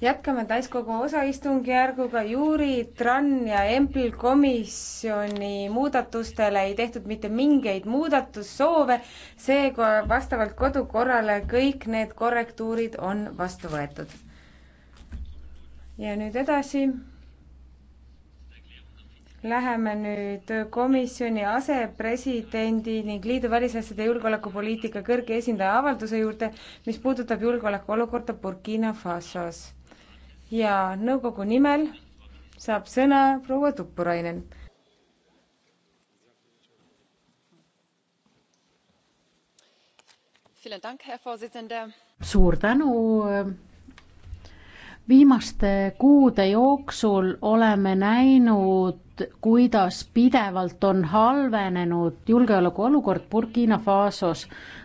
jätkame täiskogu osaistungjärguga Juri, Tran ja Empl komisjoni muudatustele ei tehtud mitte mingeid muudatussoove, seega vastavalt kodukorrale kõik need korrektuurid on vastu võetud. ja nüüd edasi Läheme nüüd komisjoni asepresidendi ning liidu välisasjade julgeolekupoliitika kõrge esindaja avalduse juurde, mis puudutab julgeolekuolukorda Burkina Fasos. ja nõukogu nimel saab sõna proua Tuppurainen. suur tänu viimaste kuude jooksul oleme näinud, kuidas pidevalt on halvenenud julgeolekuolukord Burkina Fasos.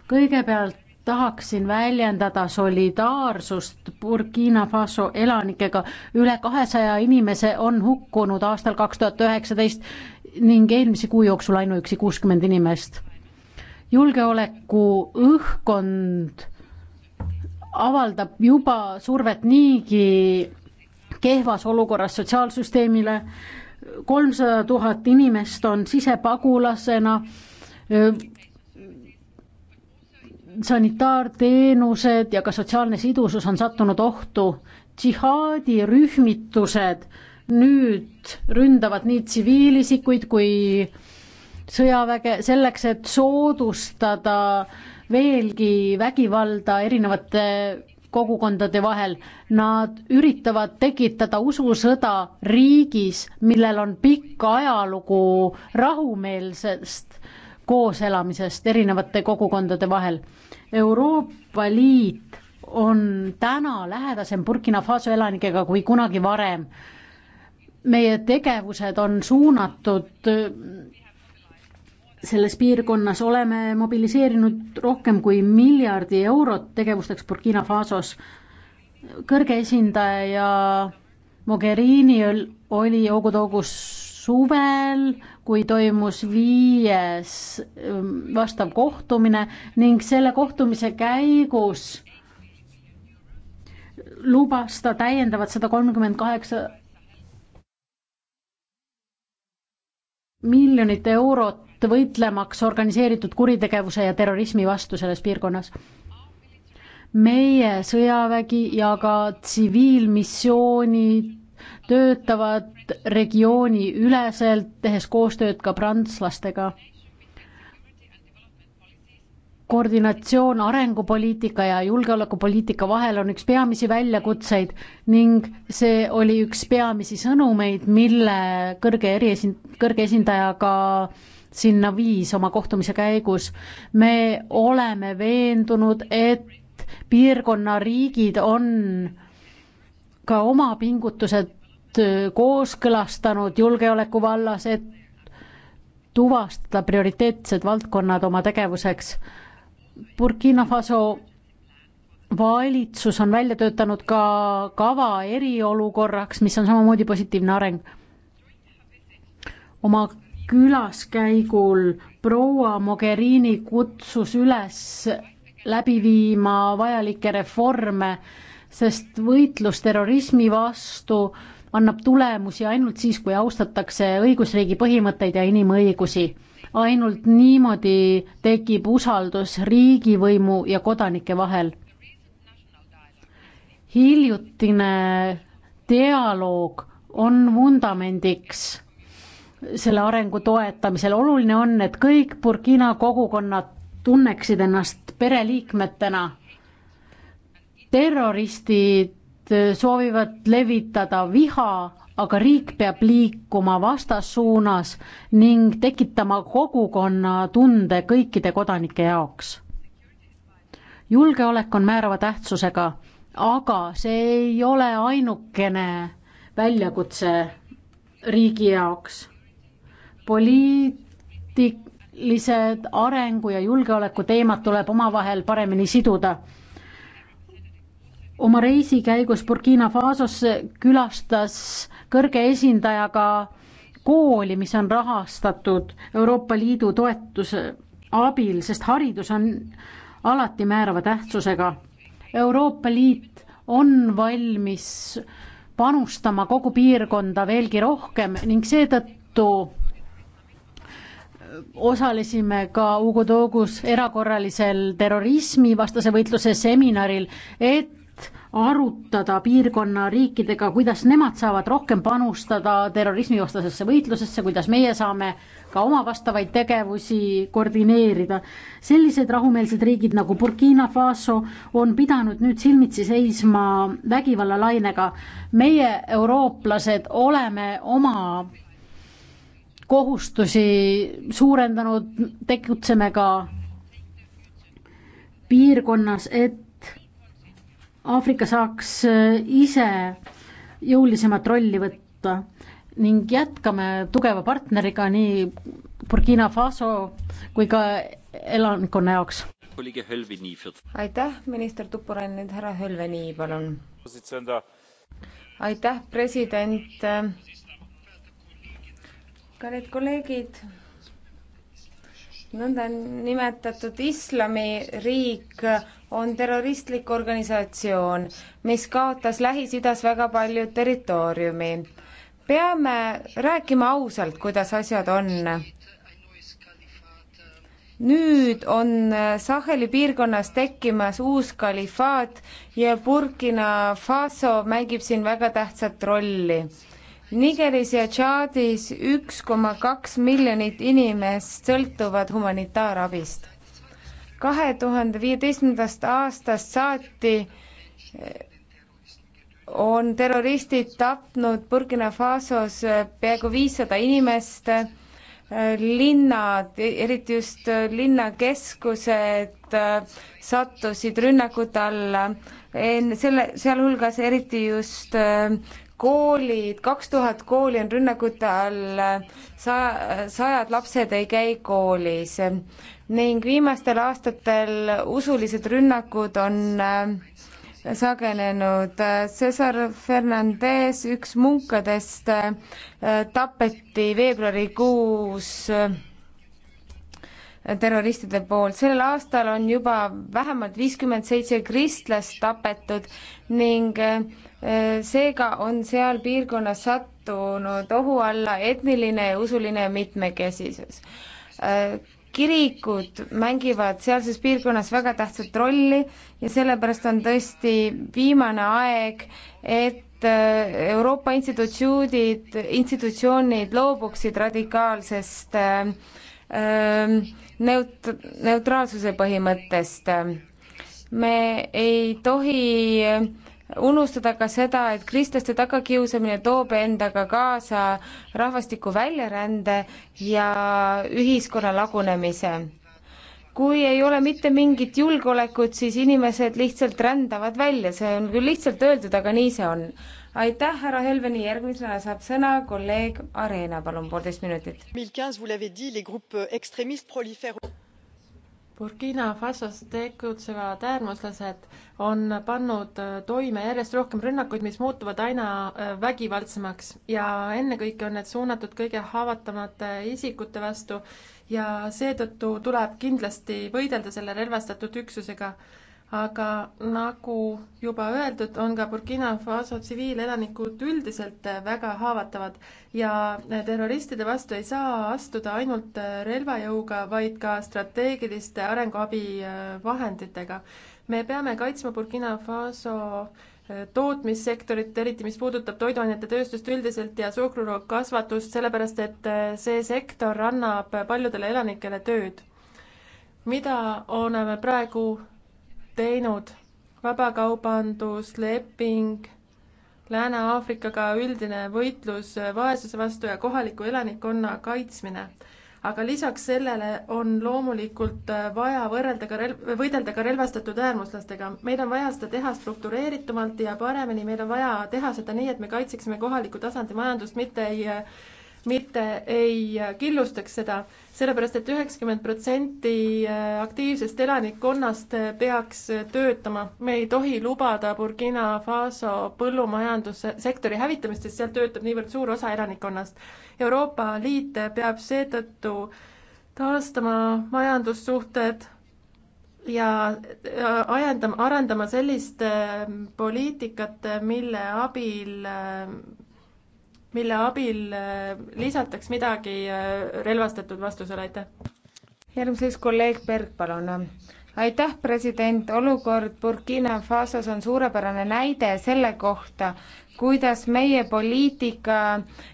kõigepealt tahaksin väljendada solidaarsust Burkina Faso elanikega. üle kahesaja inimese on hukkunud aastal kaks tuhat üheksateist ning eelmise kuu jooksul ainuüksi kuuskümmend inimest. julgeoleku õhkkond avaldab juba survet niigi kehvas olukorras sotsiaalsüsteemile, kolmsada tuhat inimest on sisepagulasena, sanitaarteenused ja ka sotsiaalne sidusus on sattunud ohtu, džihaadirühmitused nüüd ründavad nii tsiviilisikuid kui sõjaväge selleks, et soodustada äh, veelgi vägivalda erinevate kogukondade vahel. Nad üritavad tekitada ususõda riigis, millel on pikk ajalugu rahumeelsest kooselamisest erinevate kogukondade vahel. Euroopa Liit on täna lähedasem Burkina Faso elanikega kui kunagi varem. meie tegevused on suunatud selles piirkonnas oleme mobiliseerinud rohkem kui miljardi eurot tegevusteks Burkina Fasos. kõrge esindaja ja Mogherini oli Ougudogus suvel, kui toimus viies ähm, vastav kohtumine ning selle kohtumise käigus lubas ta täiendavat sada kolmkümmend kaheksa miljonit eurot võitlemaks organiseeritud kuritegevuse ja terrorismi vastu selles piirkonnas. meie sõjavägi ja ka tsiviilmissioonid töötavad regiooni üleselt, tehes koostööd ka prantslastega koordinatsioon arengupoliitika ja julgeolekupoliitika vahel on üks peamisi väljakutseid ning see oli üks peamisi sõnumeid, mille kõrge eriesin-, kõrge esindaja ka sinna viis oma kohtumise käigus. me oleme veendunud, et piirkonna riigid on ka oma pingutused kooskõlastanud julgeoleku vallas, et tuvastada prioriteetsed valdkonnad oma tegevuseks Burkina Faso valitsus on välja töötanud ka kava eriolukorraks, mis on samamoodi positiivne areng. oma külaskäigul proua Mogherini kutsus üles läbi viima vajalikke reforme, sest võitlus terrorismi vastu annab tulemusi ainult siis, kui austatakse õigusriigi põhimõtteid ja inimõigusi ainult niimoodi tekib usaldus riigivõimu ja kodanike vahel. hiljutine dialoog on vundamendiks selle arengu toetamisel, oluline on, et kõik Burkina kogukonnad tunneksid ennast pereliikmetena. terroristid soovivad levitada viha aga riik peab liikuma vastassuunas ning tekitama kogukonna tunde kõikide kodanike jaoks. julgeolek on määrava tähtsusega, aga see ei ole ainukene väljakutse riigi jaoks. poliitilised arengu ja julgeoleku teemad tuleb omavahel paremini siduda oma reisi käigus Burkina Fasosse külastas kõrge esindajaga kooli, mis on rahastatud Euroopa Liidu toetuse abil, sest haridus on alati määrava tähtsusega. Euroopa Liit on valmis panustama kogu piirkonda veelgi rohkem ning seetõttu osalesime ka Ugo Togus erakorralisel terrorismivastase võitluse seminaril, et arutada piirkonna riikidega, kuidas nemad saavad rohkem panustada terrorismivastasesse võitlusesse, kuidas meie saame ka oma vastavaid tegevusi koordineerida. sellised rahumeelsed riigid nagu Burkina Faso on pidanud nüüd silmitsi seisma vägivallalainega. meie, eurooplased, oleme oma kohustusi suurendanud, tegutseme ka piirkonnas, et Aafrika saaks äh, ise jõulisemat rolli võtta ning jätkame tugeva partneriga nii Burkina Faso kui ka elanikkonna jaoks. aitäh, minister Tuppurainen, nüüd härra Hölveni, palun. Äh, aitäh, president. Äh, kallid kolleegid nõndanimetatud islamiriik on terroristlik organisatsioon, mis kaotas Lähis-Idas väga palju territooriumi. peame rääkima ausalt, kuidas asjad on. nüüd on Saheli piirkonnas tekkimas uus kalifaat ja Burkina Faso mängib siin väga tähtsat rolli Nigeris ja Tšaadis üks koma kaks miljonit inimest sõltuvad humanitaarabist. kahe tuhande viieteistkümnendast aastast saati eh, on terroristid tapnud Burkina Fasos eh, peaaegu viissada inimest, eh, linnad, eriti just linnakeskused sattusid rünnakute alla, selle, sealhulgas eriti just koolid, kaks tuhat kooli on rünnakute all, sa-, sajad lapsed ei käi koolis ning viimastel aastatel usulised rünnakud on äh, sagenenud. Cesar Fernandez, üks munkadest, äh, tapeti veebruarikuus äh, terroristide poolt. sellel aastal on juba vähemalt viiskümmend seitse kristlast tapetud ning seega on seal piirkonnas sattunud ohu alla etniline ja usuline mitmekesisus. kirikud mängivad sealses piirkonnas väga tähtsat rolli ja sellepärast on tõesti viimane aeg, et äh, Euroopa institutsioonid, institutsioonid loobuksid radikaalsest äh, ähm, neut-, neutraalsuse põhimõttest. me ei tohi äh, unustada ka seda, et kristlaste tagakiusamine toob endaga kaasa rahvastiku väljarände ja ühiskonna lagunemise. kui ei ole mitte mingit julgeolekut, siis inimesed lihtsalt rändavad välja, see on küll lihtsalt öeldud, aga nii see on. aitäh, härra Helveni, järgmisena saab sõna kolleeg Arena, palun, poolteist minutit. Burkina Fasos tegutsevad äärmuslased on pannud toime järjest rohkem rünnakuid, mis muutuvad aina äh, vägivaldsemaks ja ennekõike on need suunatud kõige haavatavamate isikute vastu ja seetõttu tuleb kindlasti võidelda selle relvastatud üksusega aga nagu juba öeldud, on ka Burkina Faso tsiviilelanikud üldiselt väga haavatavad ja terroristide vastu ei saa astuda ainult relvajõuga, vaid ka strateegiliste arenguabivahenditega. Äh, me peame kaitsma Burkina Faso äh, tootmissektorit, eriti mis puudutab toiduainete tööstust üldiselt ja suhkrukasvatust, sellepärast et äh, see sektor annab paljudele elanikele tööd. mida oleme praegu teinud. vabakaubandusleping, Lääne-Aafrikaga üldine võitlus vaesuse vastu ja kohaliku elanikkonna kaitsmine. aga lisaks sellele on loomulikult vaja võrrelda ka relv, võidelda ka relvastatud äärmuslastega. meil on vaja seda teha struktureeritumalt ja paremini, meil on vaja teha seda nii, et me kaitseksime kohaliku tasandi majandust, mitte ei mitte ei killustaks seda, sellepärast et üheksakümmend protsenti äh, aktiivsest elanikkonnast äh, peaks äh, töötama. me ei tohi lubada Burkina Faso põllumajandussektori hävitamist, sest seal töötab niivõrd suur osa elanikkonnast. Euroopa Liit peab seetõttu taastama majandussuhted, ja ajendama, arendama sellist poliitikat, mille abil mille abil äh, lisataks midagi äh, relvastatud vastusele, aitäh! järgmiseks kolleeg Berg, palun aitäh, president, olukord Burkina Fasos on suurepärane näide selle kohta, kuidas meie poliitika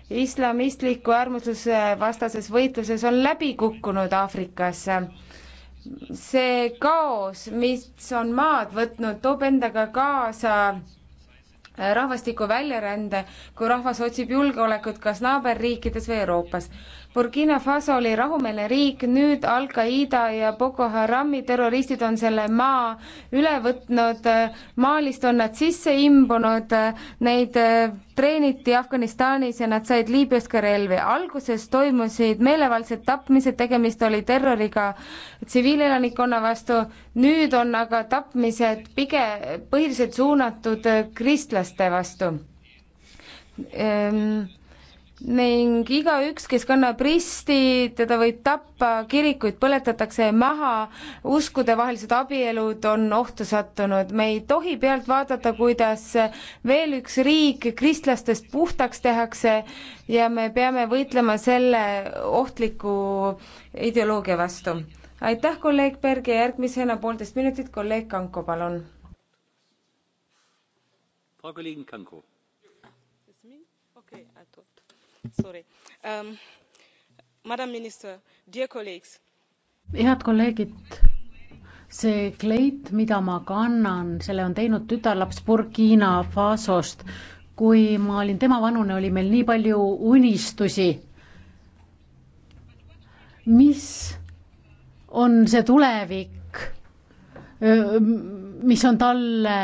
islamistliku äärmusluse vastases võitluses on läbi kukkunud Aafrikas. see kaos, mis on maad võtnud, toob endaga kaasa rahvastiku väljarände, kui rahvas otsib julgeolekut kas naaberriikides või Euroopas. Burkina Faso oli rahumeelne riik, nüüd Al-Qaeda ja Boko Harami terroristid on selle maa üle võtnud, Malist on nad sisse imbunud, neid äh, treeniti Afganistanis ja nad said Liibüast ka relvi. alguses toimusid meelevaldsed tapmised, tegemist oli terroriga tsiviilelanikkonna vastu, nüüd on aga tapmised pigem põhiliselt suunatud kristlaste vastu ehm, ning igaüks, kes kannab risti, teda võib tappa, kirikuid põletatakse maha, uskudevahelised abielud on ohtu sattunud. me ei tohi pealt vaadata, kuidas veel üks riik kristlastest puhtaks tehakse ja me peame võitlema selle ohtliku ideoloogia vastu. aitäh, kolleeg Berg ja järgmisena poolteist minutit kolleeg Kanko, palun. Frau Kollegin Kanko Um, head kolleegid, see kleit, mida ma kannan, selle on teinud tütarlaps Burkina Fasost. kui ma olin tema vanune, oli meil nii palju unistusi. mis on see tulevik, mis on talle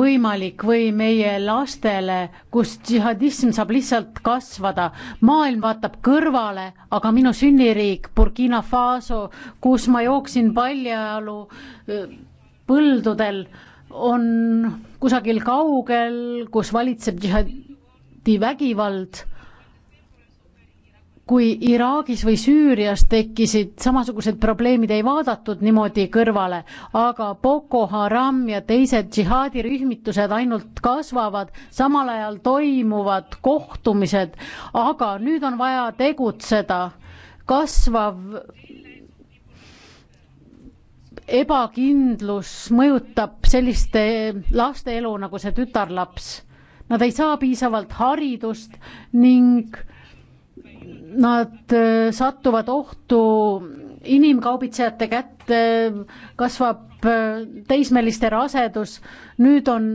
võimalik või meie lastele, kus džihadism saab lihtsalt kasvada. maailm vaatab kõrvale, aga minu sünniriik Burkina Faso, kus ma jooksin paljajalu põldudel, on kusagil kaugel, kus valitseb džihadi vägivald kui Iraagis või Süürias tekkisid samasugused probleemid, ei vaadatud niimoodi kõrvale, aga Boko Haram ja teised džihaadirühmitused ainult kasvavad, samal ajal toimuvad kohtumised, aga nüüd on vaja tegutseda, kasvav ebakindlus mõjutab selliste laste elu, nagu see tütarlaps. Nad ei saa piisavalt haridust ning nad äh, satuvad ohtu inimkaubitsejate kätte, kasvab äh, teismeliste rasedus, nüüd on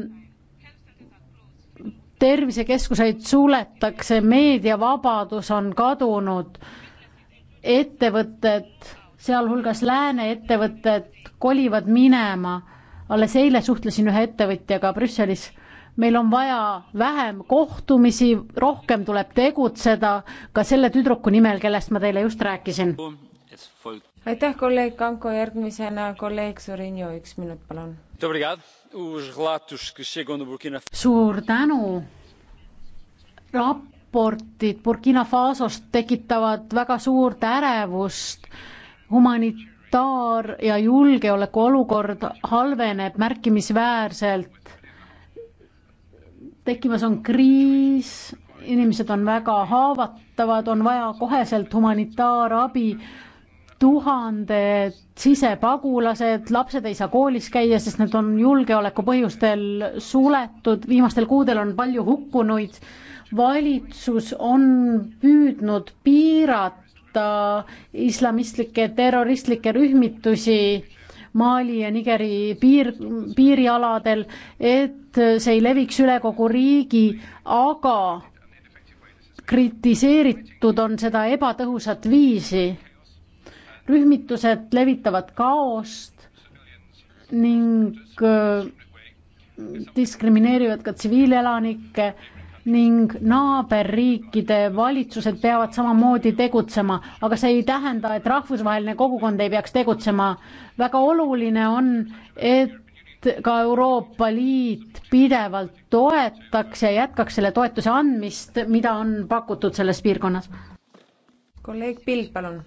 tervisekeskuseid suletakse, meediavabadus on kadunud, ettevõtted, sealhulgas lääne ettevõtted kolivad minema. alles eile suhtlesin ühe ettevõtjaga Brüsselis meil on vaja vähem kohtumisi, rohkem tuleb tegutseda ka selle tüdruku nimel, kellest ma teile just rääkisin. aitäh, kolleeg Kanko, järgmisena kolleeg Sorinio, üks minut, palun. suur tänu. raportid Burkina Fasost tekitavad väga suurt ärevust, humanit-, humanitaar- ja julgeolekuolukord halveneb märkimisväärselt tekkimas on kriis, inimesed on väga haavatavad, on vaja koheselt humanitaarabi, tuhanded sisepagulased, lapsed ei saa koolis käia, sest need on julgeoleku põhjustel suletud, viimastel kuudel on palju hukkunuid, valitsus on püüdnud piirata islamistlikke terroristlikke rühmitusi Mali ja Nigeri piir, piirialadel, et see ei leviks üle kogu riigi, aga kritiseeritud on seda ebatõhusat viisi. rühmitused levitavad kaost ning äh, diskrimineerivad ka tsiviilelanikke ning naaberriikide valitsused peavad samamoodi tegutsema, aga see ei tähenda, et rahvusvaheline kogukond ei peaks tegutsema. väga oluline on, et ka Euroopa Liit pidevalt toetaks ja jätkaks selle toetuse andmist, mida on pakutud selles piirkonnas. kolleeg Pild, palun.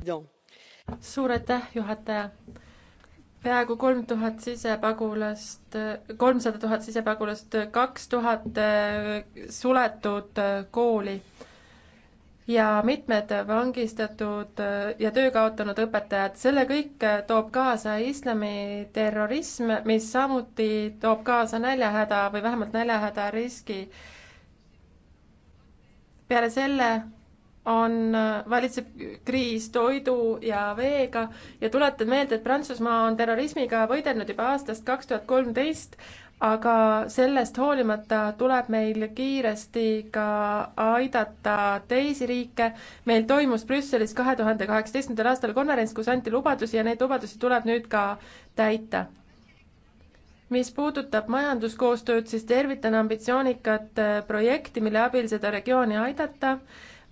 suur aitäh, juhataja peaaegu kolm tuhat sisepagulast, kolmsada tuhat sisepagulast, kaks tuhat äh, suletud äh, kooli ja mitmed vangistatud äh, ja töö kaotanud õpetajad. selle kõik toob kaasa islamiterrorism, mis samuti toob kaasa näljahäda või vähemalt näljahäda riski. peale selle on, valitseb kriis toidu ja veega ja tuletan meelde, et Prantsusmaa on terrorismiga võidelnud juba aastast kaks tuhat kolmteist, aga sellest hoolimata tuleb meil kiiresti ka aidata teisi riike. meil toimus Brüsselis kahe tuhande kaheksateistkümnendal aastal konverents, kus anti lubadusi ja neid lubadusi tuleb nüüd ka täita mis puudutab majanduskoostööd, siis tervitan ambitsioonikat projekti, mille abil seda regiooni aidata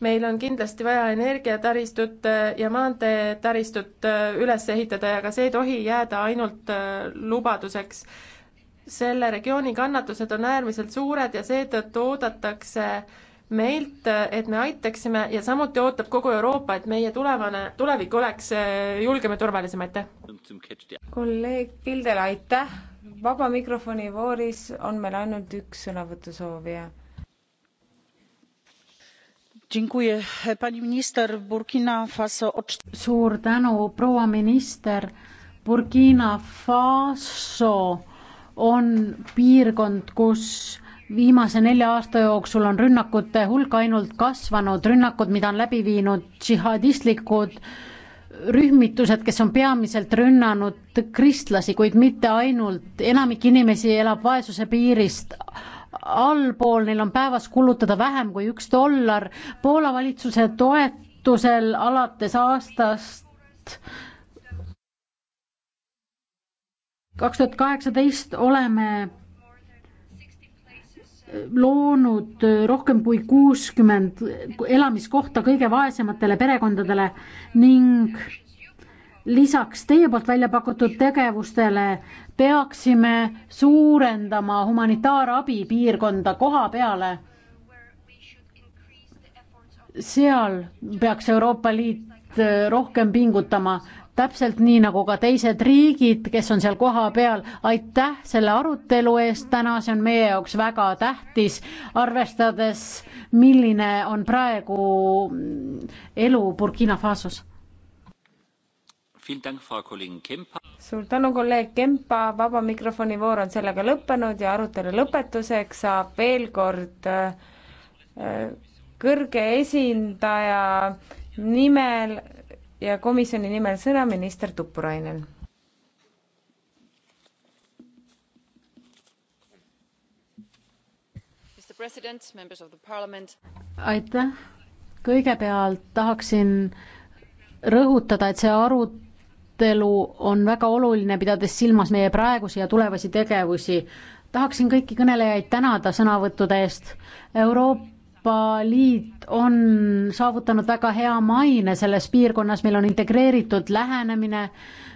meil on kindlasti vaja energiataristut äh, ja maanteetaristut äh, üles ehitada ja ka see ei tohi jääda ainult äh, lubaduseks. selle regiooni kannatused on äärmiselt suured ja seetõttu oodatakse meilt, et me aitaksime ja samuti ootab kogu Euroopa, et meie tulevane, tulevik oleks julgem ja turvalisem, aitäh! kolleeg Pildel, aitäh! vaba mikrofoni vooris on meil ainult üks sõnavõtusoovija suur tänu, proua minister. Burkina Faso on piirkond, kus viimase nelja aasta jooksul on rünnakute hulk ainult kasvanud, rünnakud, mida on läbi viinud džihadistlikud rühmitused, kes on peamiselt rünnanud kristlasi, kuid mitte ainult, enamik inimesi elab vaesuse piirist allpool, neil on päevas kulutada vähem kui üks dollar. Poola valitsuse toetusel alates aastast kaks tuhat kaheksateist oleme loonud rohkem kui kuuskümmend elamiskohta kõige vaesematele perekondadele ning lisaks teie poolt välja pakutud tegevustele peaksime suurendama humanitaarabi piirkonda koha peale. seal peaks Euroopa Liit äh, rohkem pingutama, täpselt nii nagu ka teised riigid, kes on seal kohapeal. aitäh selle arutelu eest täna, see on meie jaoks väga tähtis, arvestades, milline on praegu mm, elu Burkina Fasos suur tänu, kolleeg Kempa, vaba mikrofoni voor on sellega lõppenud ja arutelu lõpetuseks saab veel kord äh, kõrge esindaja nimel ja komisjoni nimel sõna minister Tuppurainen aitäh, kõigepealt tahaksin rõhutada, et see arut-, arutelu on väga oluline, pidades silmas meie praegusi ja tulevasi tegevusi. tahaksin kõiki kõnelejaid tänada sõnavõttude eest. Euroopa Liit on saavutanud väga hea maine selles piirkonnas, meil on integreeritud lähenemine,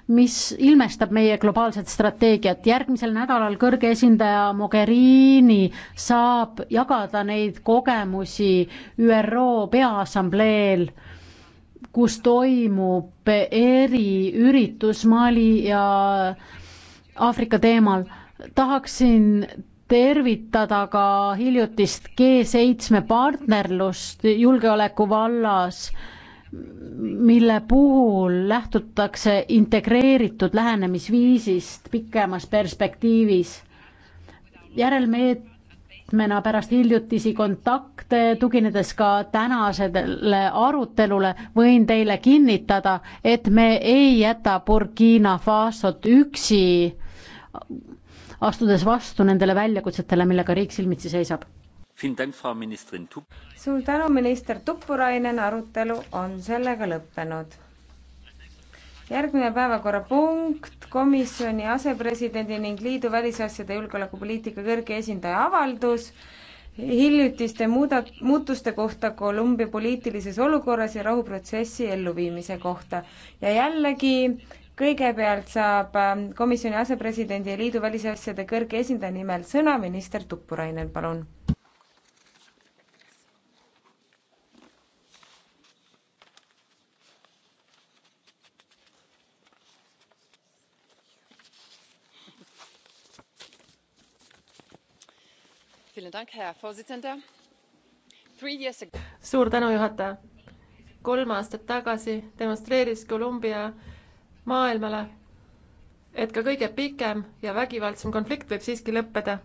mis ilmestab meie globaalset strateegiat. järgmisel nädalal kõrge esindaja Mogherini saab jagada neid kogemusi ÜRO Peaassambleel kus toimub eriüritus Mali ja Aafrika teemal. tahaksin tervitada ka hiljutist G7 partnerlust julgeoleku vallas, mille puhul lähtutakse integreeritud lähenemisviisist pikemas perspektiivis. järelmeet-, võtmena pärast hiljutisi kontakte, tuginedes ka tänasele arutelule, võin teile kinnitada, et me ei jäta Burkina Fasot üksi, astudes vastu nendele väljakutsetele, millega riik silmitsi seisab. suur tänu, minister Tuppurainen, arutelu on sellega lõppenud. järgmine päevakorrapunkt komisjoni asepresidendi ning liidu välisasjade julgeolekupoliitika kõrge esindaja avaldus hiljutiste muuda-, muutuste kohta Kolumbia poliitilises olukorras ja rahuprotsessi elluviimise kohta. ja jällegi kõigepealt saab ähm, komisjoni asepresidendi ja liidu välisasjade kõrge esindaja nimel sõna minister Tuppurainen, palun suur tänu, juhataja. kolm aastat tagasi demonstreeris Kolumbia maailmale, et ka kõige pikem ja vägivaldsem konflikt võib siiski lõppeda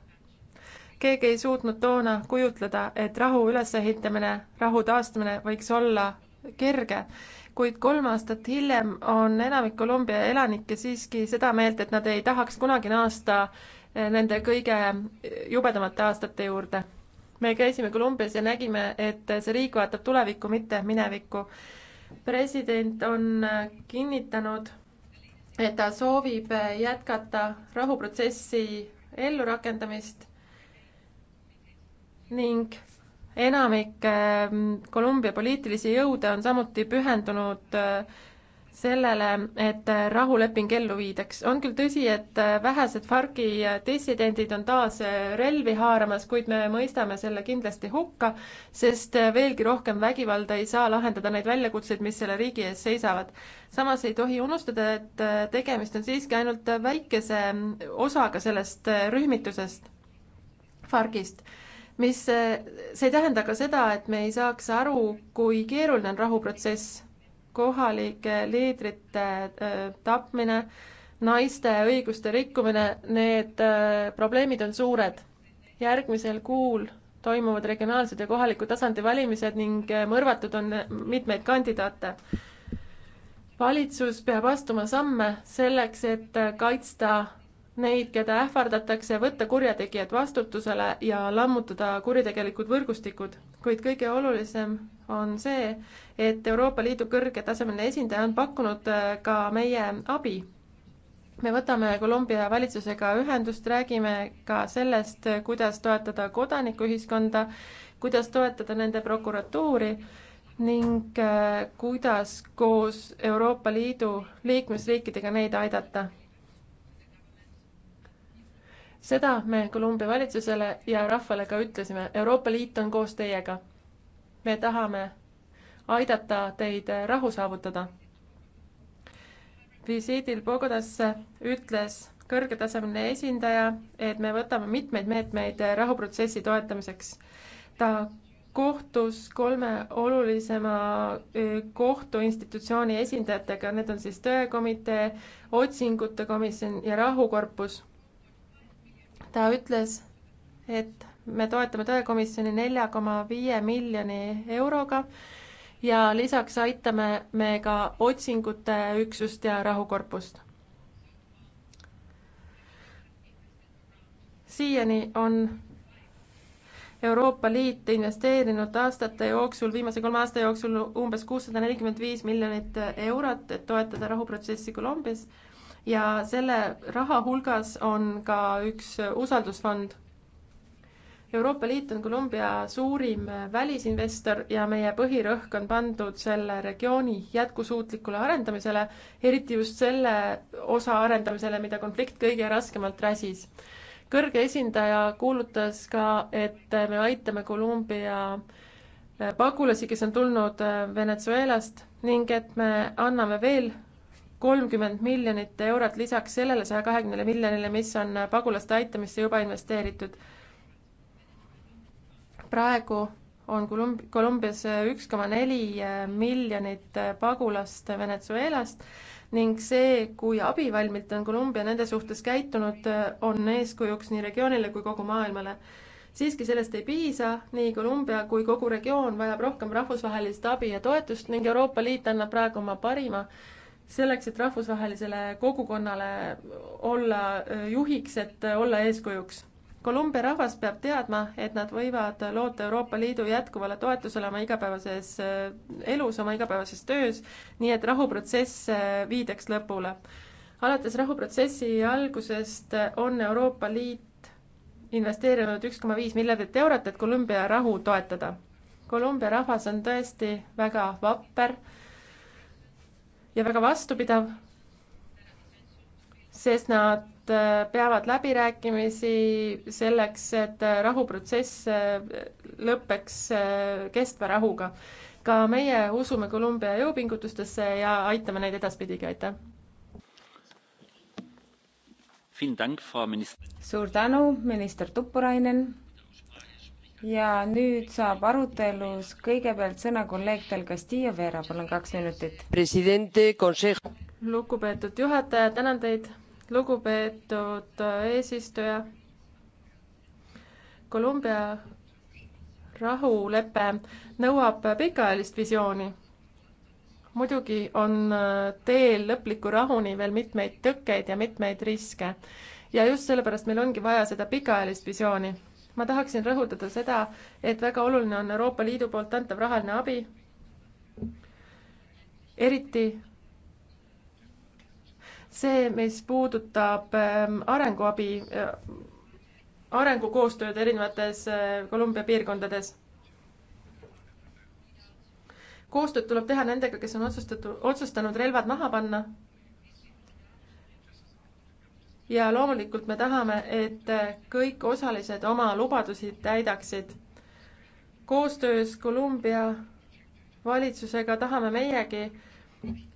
keegi ei suutnud toona kujutleda, et rahu ülesehitamine, rahu taastamine võiks olla kerge, kuid kolm aastat hiljem on enamik Kolumbia elanikke siiski seda meelt, et nad ei tahaks kunagi naasta nende kõige jubedamate aastate juurde. me käisime Kolumbias ja nägime, et see riik vaatab tulevikku, mitte minevikku. president on kinnitanud, et ta soovib jätkata rahuprotsessi ellurakendamist ning enamik ehm, Kolumbia poliitilisi jõude on samuti pühendunud ehm, sellele, et rahuleping ellu viidaks. on küll tõsi, et vähesed FARC-i dissidendid on taas relvi haaramas, kuid me mõistame selle kindlasti hukka, sest veelgi rohkem vägivalda ei saa lahendada neid väljakutseid, mis selle riigi ees seisavad. samas ei tohi unustada, et tegemist on siiski ainult väikese osaga sellest rühmitusest, FARC-ist mis, see ei tähenda ka seda, et me ei saaks aru, kui keeruline on rahuprotsess kohalike liidrite äh, tapmine, naiste õiguste rikkumine, need äh, probleemid on suured. järgmisel kuul toimuvad regionaalsed ja kohaliku tasandi valimised ning äh, mõrvatud on mitmeid kandidaate. valitsus peab astuma samme selleks, et kaitsta neid, keda ähvardatakse, võtta kurjategijad vastutusele ja lammutada kuritegelikud võrgustikud, kuid kõige olulisem on see, et Euroopa Liidu kõrgetasemeline esindaja on pakkunud äh, ka meie abi. me võtame Kolumbia valitsusega ühendust, räägime ka sellest, kuidas toetada kodanikuühiskonda, kuidas toetada nende prokuratuuri ning äh, kuidas koos Euroopa Liidu liikmesriikidega neid aidata seda me Kolumbia valitsusele ja rahvale ka ütlesime, Euroopa Liit on koos teiega me tahame aidata teid rahu saavutada. visiidil Bogodasse ütles kõrgetasemeline esindaja, et me võtame mitmeid meetmeid rahuprotsessi toetamiseks. ta kohtus kolme olulisema e, kohtuinstitutsiooni esindajatega, need on siis Tõekomitee, Otsingute Komisjon ja Rahukorpus. ta ütles, et me toetame tõekomisjoni nelja koma viie miljoni euroga ja lisaks aitame me ka otsingute üksust ja rahukorpust. siiani on Euroopa Liit investeerinud aastate jooksul, viimase kolme aasta jooksul umbes kuussada nelikümmend viis miljonit eurot, et toetada rahuprotsessi Kolumbias ja selle raha hulgas on ka üks usaldusfond Euroopa Liit on Kolumbia suurim välisinvestor ja meie põhirõhk on pandud selle regiooni jätkusuutlikule arendamisele, eriti just selle osa arendamisele, mida konflikt kõige raskemalt räsis. kõrge esindaja kuulutas ka, et me aitame Kolumbia pagulasi, kes on tulnud Venezuelast ning et me anname veel kolmkümmend miljonit eurot lisaks sellele saja kahekümnele miljonile, mis on pagulaste aitamisse juba investeeritud praegu on Kolumb-, Kolumbias üks koma neli äh, miljonit äh, pagulast Venezuelast ning see, kui abivalmilt on Kolumbia nende suhtes käitunud, äh, on eeskujuks nii regioonile kui kogu maailmale. siiski sellest ei piisa, nii Kolumbia kui kogu regioon vajab rohkem rahvusvahelist abi ja toetust ning Euroopa Liit annab praegu oma parima selleks, et rahvusvahelisele kogukonnale olla juhiks, et olla eeskujuks Kolumbia rahvas peab teadma, et nad võivad loota Euroopa Liidu jätkuvale toetusele oma igapäevases äh, elus, oma igapäevases töös, nii et rahuprotsess äh, viidaks lõpule. alates rahuprotsessi algusest äh, on Euroopa Liit investeerinud üks koma viis miljardit eurot, et Kolumbia rahu toetada. Kolumbia rahvas on tõesti väga vapper ja väga vastupidav, sest nad nad äh, peavad läbirääkimisi selleks, et äh, rahuprotsess äh, lõpeks kestva rahuga. ka meie usume Kolumbia jõupingutustesse ja aitame neid edaspidigi, aitäh! suur tänu, minister Tuppurainen ja nüüd saab arutelus kõigepealt sõna kolleeg Del Castillo Vera, palun kaks minutit. lugupeetud juhataja, tänan teid lugupeetud äh, eesistuja. Kolumbia rahulepe nõuab pikaajalist visiooni. muidugi on äh, teel lõpliku rahuni veel mitmeid tõkkeid ja mitmeid riske ja just sellepärast meil ongi vaja seda pikaajalist visiooni. ma tahaksin rõhutada seda, et väga oluline on Euroopa Liidu poolt antav rahaline abi, eriti see, mis puudutab ähm, arenguabi, äh, arengukoostööd erinevates äh, Kolumbia piirkondades. koostööd tuleb teha nendega, kes on otsustatud, otsustanud relvad maha panna ja loomulikult me tahame, et äh, kõik osalised oma lubadusi täidaksid. koostöös Kolumbia valitsusega tahame meiegi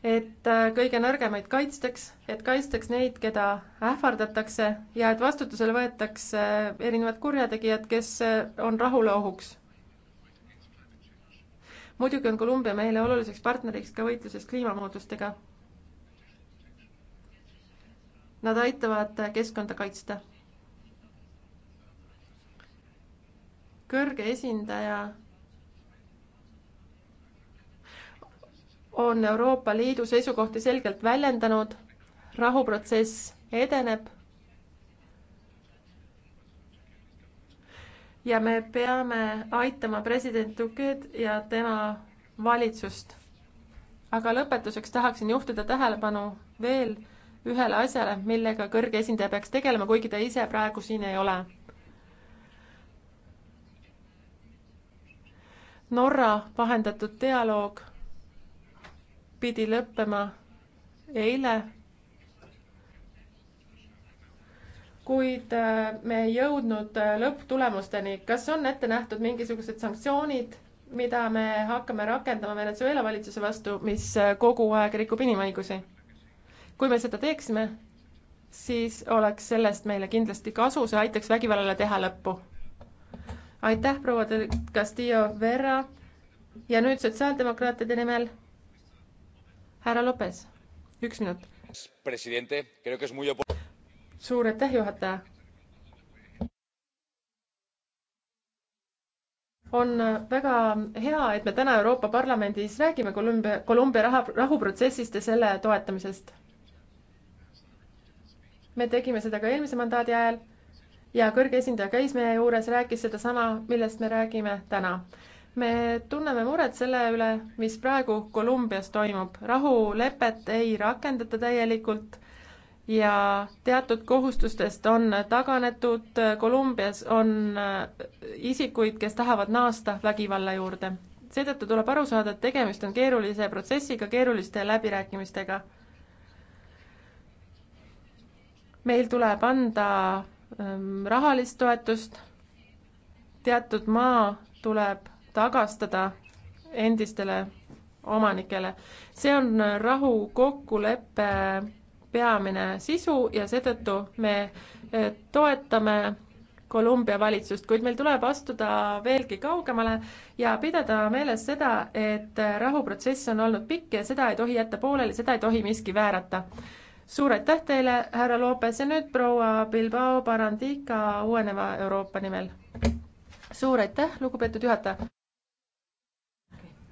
et äh, kõige nõrgemaid kaitstaks, et kaitstaks neid, keda ähvardatakse ja et vastutusele võetakse äh, erinevad kurjategijad, kes äh, on rahule ohuks. muidugi on Kolumbia meile oluliseks partneriks ka võitluses kliimamuutustega. Nad aitavad keskkonda kaitsta. kõrge esindaja on Euroopa Liidu seisukohti selgelt väljendanud, rahuprotsess edeneb ja me peame aitama president Tukid ja tema valitsust. aga lõpetuseks tahaksin juhtida tähelepanu veel ühele asjale, millega kõrge esindaja peaks tegelema, kuigi ta ise praegu siin ei ole. Norra vahendatud dialoog pidi lõppema eile, kuid äh, me ei jõudnud äh, lõpptulemusteni. kas on ette nähtud mingisugused sanktsioonid, mida me hakkame rakendama Venezuela valitsuse vastu, mis äh, kogu aeg rikub inimõigusi? kui me seda teeksime, siis oleks sellest meile kindlasti kasu, see aitaks vägivallale teha lõppu. aitäh, proua Castillo Vera ja nüüd sotsiaaldemokraatide nimel härra Lopes, üks minut. suur aitäh, juhataja. on väga hea, et me täna Euroopa Parlamendis räägime Kolumbia, Kolumbia raha, rahuprotsessist ja selle toetamisest. me tegime seda ka eelmise mandaadi ajal ja kõrge esindaja käis meie juures, rääkis sedasama, millest me räägime täna me tunneme muret selle üle, mis praegu Kolumbias toimub. rahulepet ei rakendata täielikult ja teatud kohustustest on taganetud. Kolumbias on äh, isikuid, kes tahavad naasta vägivalla juurde. seetõttu tuleb aru saada, et tegemist on keerulise protsessiga, keeruliste läbirääkimistega meil tuleb anda ähm, rahalist toetust, teatud maa tuleb tagastada endistele omanikele. see on rahukokkuleppe peamine sisu ja seetõttu me eh, toetame Kolumbia valitsust, kuid meil tuleb astuda veelgi kaugemale ja pidada meeles seda, et rahuprotsess on olnud pikk ja seda ei tohi jätta pooleli, seda ei tohi miski väärata. suur aitäh teile, härra Loopes ja nüüd proua Bilbao Barandica uueneva Euroopa nimel. suur aitäh, lugupeetud juhataja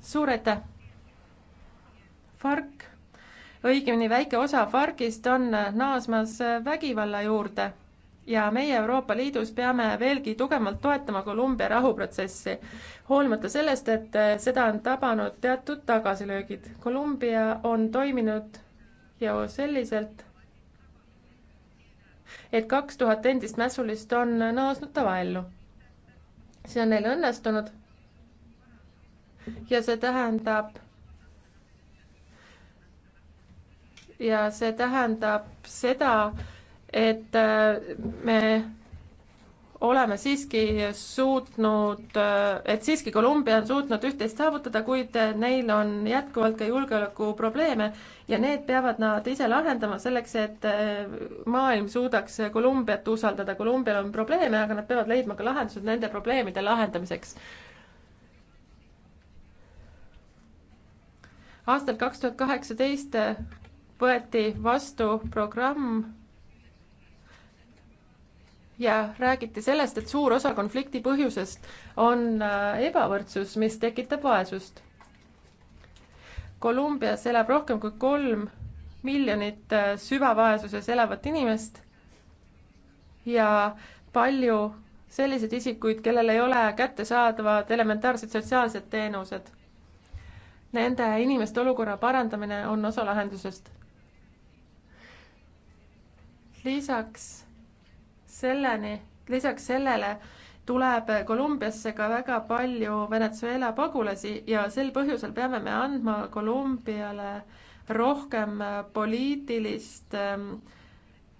suur aitäh! fark, õigemini väike osa fargist on naasmas vägivalla juurde ja meie Euroopa Liidus peame veelgi tugevamalt toetama Kolumbia rahuprotsessi, hoolimata sellest, et seda on tabanud teatud tagasilöögid. Kolumbia on toiminud ju selliselt, et kaks tuhat endist mässulist on naasnud tavaellu. see on neil õnnestunud ja see tähendab ja see tähendab seda, et äh, me oleme siiski suutnud, äh, et siiski Kolumbia on suutnud üht-teist saavutada, kuid neil on jätkuvalt ka julgeolekuprobleeme ja need peavad nad ise lahendama selleks, et äh, maailm suudaks Kolumbiat usaldada. Kolumbial on probleeme, aga nad peavad leidma ka lahendused nende probleemide lahendamiseks. aastal kaks tuhat kaheksateist võeti vastu programm ja räägiti sellest, et suur osa konflikti põhjusest on äh, ebavõrdsus, mis tekitab vaesust. Kolumbias elab rohkem kui kolm miljonit äh, süvavaesuses elavat inimest ja palju selliseid isikuid, kellel ei ole kättesaadavad elementaarsed sotsiaalsed teenused nende inimeste olukorra parandamine on osa lahendusest. lisaks selleni, lisaks sellele tuleb Kolumbiasse ka väga palju Venezuela pagulasi ja sel põhjusel peame me andma Kolumbiale rohkem poliitilist, ähm,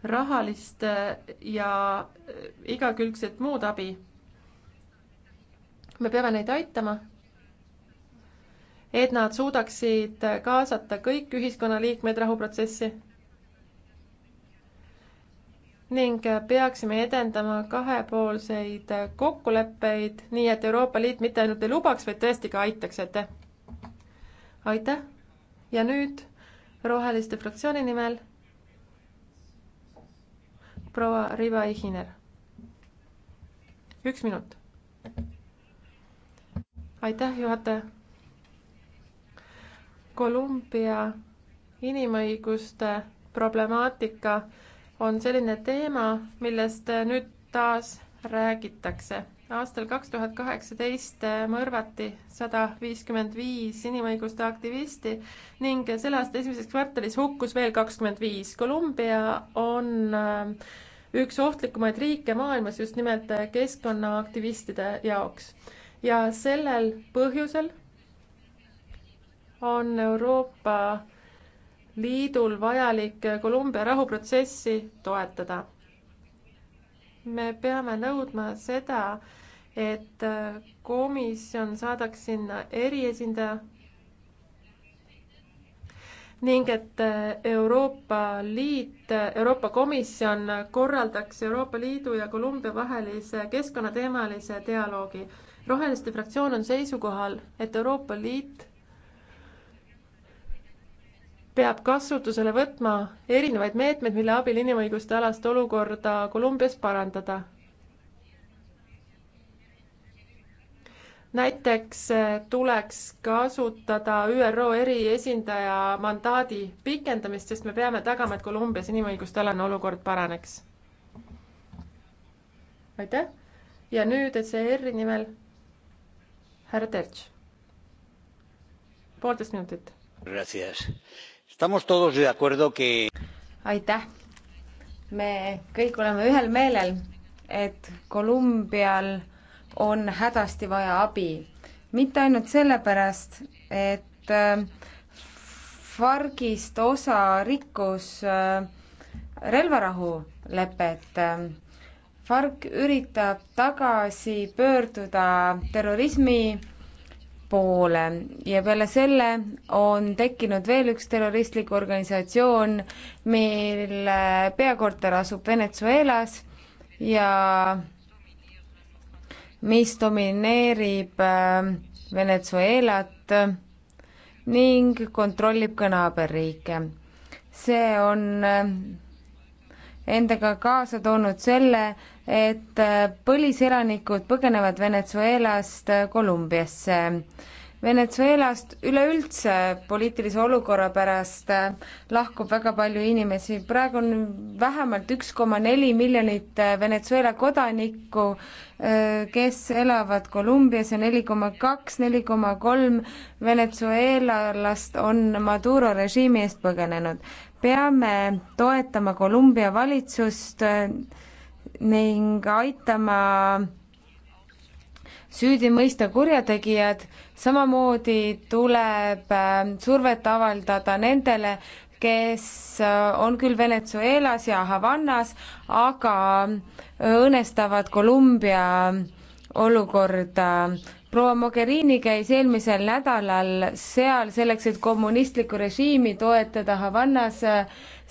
rahalist äh, ja äh, igakülgset muud abi. me peame neid aitama et nad suudaksid kaasata kõik ühiskonnaliikmed rahuprotsessi. ning peaksime edendama kahepoolseid kokkuleppeid, nii et Euroopa Liit mitte ainult ei lubaks, vaid tõesti ka aitaks, aitäh! aitäh ja nüüd Roheliste fraktsiooni nimel proua Riva Ihiner. üks minut. aitäh, juhataja Kolumbia inimõiguste problemaatika on selline teema, millest nüüd taas räägitakse. aastal kaks tuhat kaheksateist mõrvati sada viiskümmend viis inimõiguste aktivisti ning selle aasta esimeses kvartalis hukkus veel kakskümmend viis. Kolumbia on äh, üks ohtlikumaid riike maailmas just nimelt keskkonnaaktivistide jaoks ja sellel põhjusel on Euroopa Liidul vajalik Kolumbia rahuprotsessi toetada. me peame nõudma seda, et komisjon saadaks sinna eriesindaja ning et Euroopa Liit, Euroopa Komisjon korraldaks Euroopa Liidu ja Kolumbia vahelise keskkonnateemalise dialoogi. roheliste fraktsioon on seisukohal, et Euroopa Liit peab kasutusele võtma erinevaid meetmeid, mille abil inimõiguste alast olukorda Kolumbias parandada. näiteks eh, tuleks kasutada ÜRO eriesindaja mandaadi pikendamist, sest me peame tagama, et Kolumbias inimõiguste alane olukord paraneks. aitäh ja nüüd ECR-i nimel härra Terts. poolteist minutit. Gracias aitäh, me kõik oleme ühel meelel, et Kolumbial on hädasti vaja abi. mitte ainult sellepärast, et äh, Fargist osa rikkus äh, relvarahulepet. Farg üritab tagasi pöörduda terrorismi poole ja peale selle on tekkinud veel üks terroristlik organisatsioon, mille peakorter asub Venezuelas ja mis domineerib äh, Venezuelat ning kontrollib ka naaberriike. see on äh, endaga kaasa toonud selle, et põliselanikud põgenevad Venezuelast Kolumbiasse Venezuelast üleüldse poliitilise olukorra pärast äh, lahkub väga palju inimesi, praegu on vähemalt üks koma neli miljonit äh, Venezuela kodanikku, äh, kes elavad Kolumbias ja neli koma kaks, neli koma kolm venezuelalast on Maduro režiimi eest põgenenud. peame toetama Kolumbia valitsust ning aitama süüdi mõista kurjategijad, samamoodi tuleb äh, survet avaldada nendele, kes äh, on küll Venezuelas ja Havannas, aga õõnestavad Kolumbia olukorda. proua Mogherini käis eelmisel nädalal seal selleks, et kommunistlikku režiimi toetada Havannas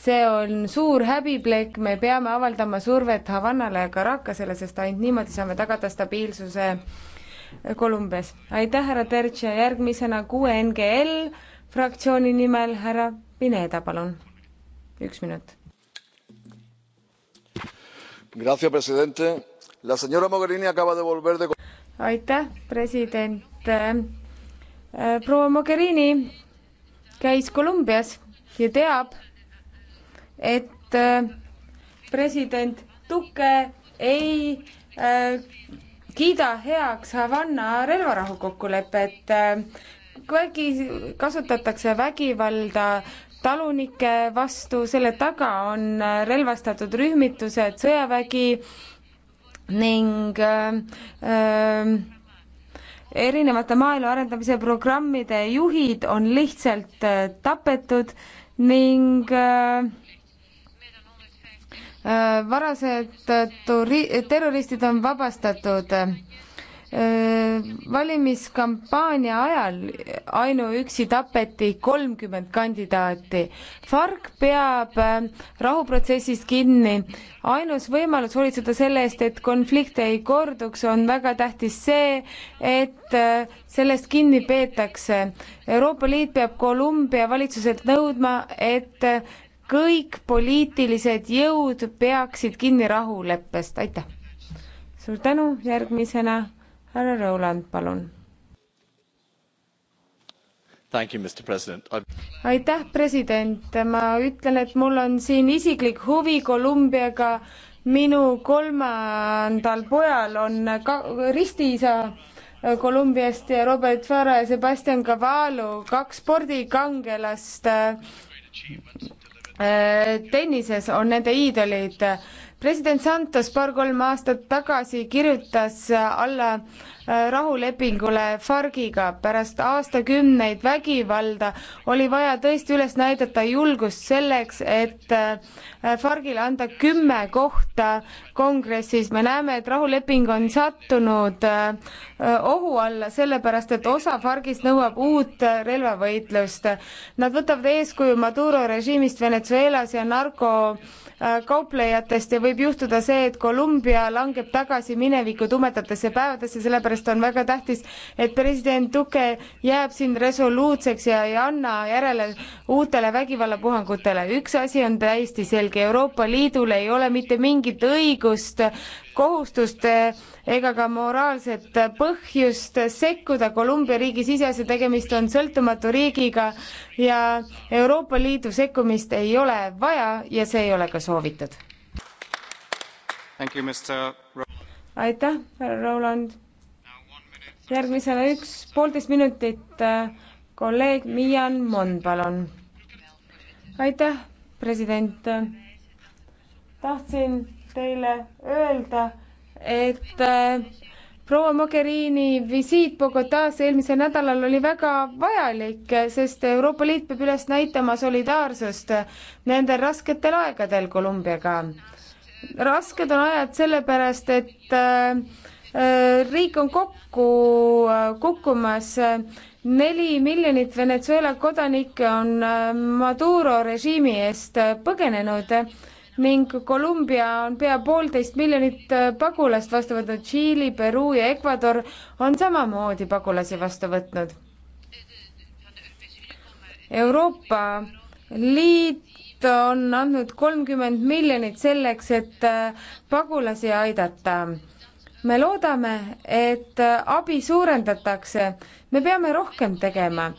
see on suur häbiplekk, me peame avaldama survet Havannale ja Caracasele, sest ainult niimoodi saame tagada stabiilsuse Kolumbias. aitäh, härra Terts ja järgmisena kuue NGL fraktsiooni nimel härra Pineda, palun. üks minut. aitäh, president. proua Mogherini käis Kolumbias ja teab, et äh, president Tuke ei äh, kiida heaks Havana relvarahukokkulepet äh,. vägi, kasutatakse vägivalda talunike vastu, selle taga on äh, relvastatud rühmitused, sõjavägi ning äh, äh, erinevate maaelu arendamise programmide juhid on lihtsalt äh, tapetud ning äh, varased äh, turi-, terroristid on vabastatud. Äh, valimiskampaania ajal ainuüksi tapeti kolmkümmend kandidaati. FARC peab äh, rahuprotsessist kinni. ainus võimalus hoolitseda selle eest, et konflikte ei korduks, on väga tähtis see, et sellest kinni peetakse. Euroopa Liit peab Kolumbia valitsuselt nõudma, et kõik poliitilised jõud peaksid kinni rahuleppest, aitäh! suur tänu, järgmisena härra Roland, palun! aitäh, president, ma ütlen, et mul on siin isiklik huvi Kolumbiaga, minu kolmandal pojal on ka ristiisa Kolumbiast ja Robert Farah ja Sebastian Cavallo, kaks spordikangelast Äh, tennises on nende iidolid äh, president Santos paar-kolm aastat tagasi kirjutas äh, alla äh, rahulepingule Fargiga. pärast aastakümneid vägivalda oli vaja tõesti üles näidata julgust selleks, et äh, Fargile anda kümme kohta kongressis. me näeme, et rahuleping on sattunud ohu alla, sellepärast et osa Fargist nõuab uut relvavõitlust. Nad võtavad eeskuju Maduro režiimist Venezuelas ja narko Äh, kauplejatest ja võib juhtuda see, et Kolumbia langeb tagasi mineviku tumedatesse päevadesse, sellepärast on väga tähtis, et president Duque jääb siin resoluutseks ja ei anna järele uutele vägivallapuhangutele. üks asi on täiesti selge, Euroopa Liidul ei ole mitte mingit õigust kohustust ega ka moraalset põhjust sekkuda Kolumbia riigi sisesse, tegemist on sõltumatu riigiga ja Euroopa Liidu sekkumist ei ole vaja ja see ei ole ka soovitud. aitäh, härra Roland. järgmisena üks poolteist minutit, äh, kolleeg Mian Mon, palun. aitäh, president. tahtsin teile öelda, et äh, proua Mogherini visiit Bogotas eelmisel nädalal oli väga vajalik, sest Euroopa Liit peab üles näitama solidaarsust nendel rasketel aegadel Kolumbiaga. rasked on ajad sellepärast, et äh, äh, riik on kokku kukkumas, neli miljonit Venezuela kodanikke on Maduro režiimi eest põgenenud ning Kolumbia on pea poolteist miljonit äh, pagulast vastu võtnud, Tšiili, Peruu ja Ecuador on samamoodi pagulasi vastu võtnud. Euroopa Liit on andnud kolmkümmend miljonit selleks, et äh, pagulasi aidata me loodame, et äh, abi suurendatakse, me peame rohkem tegema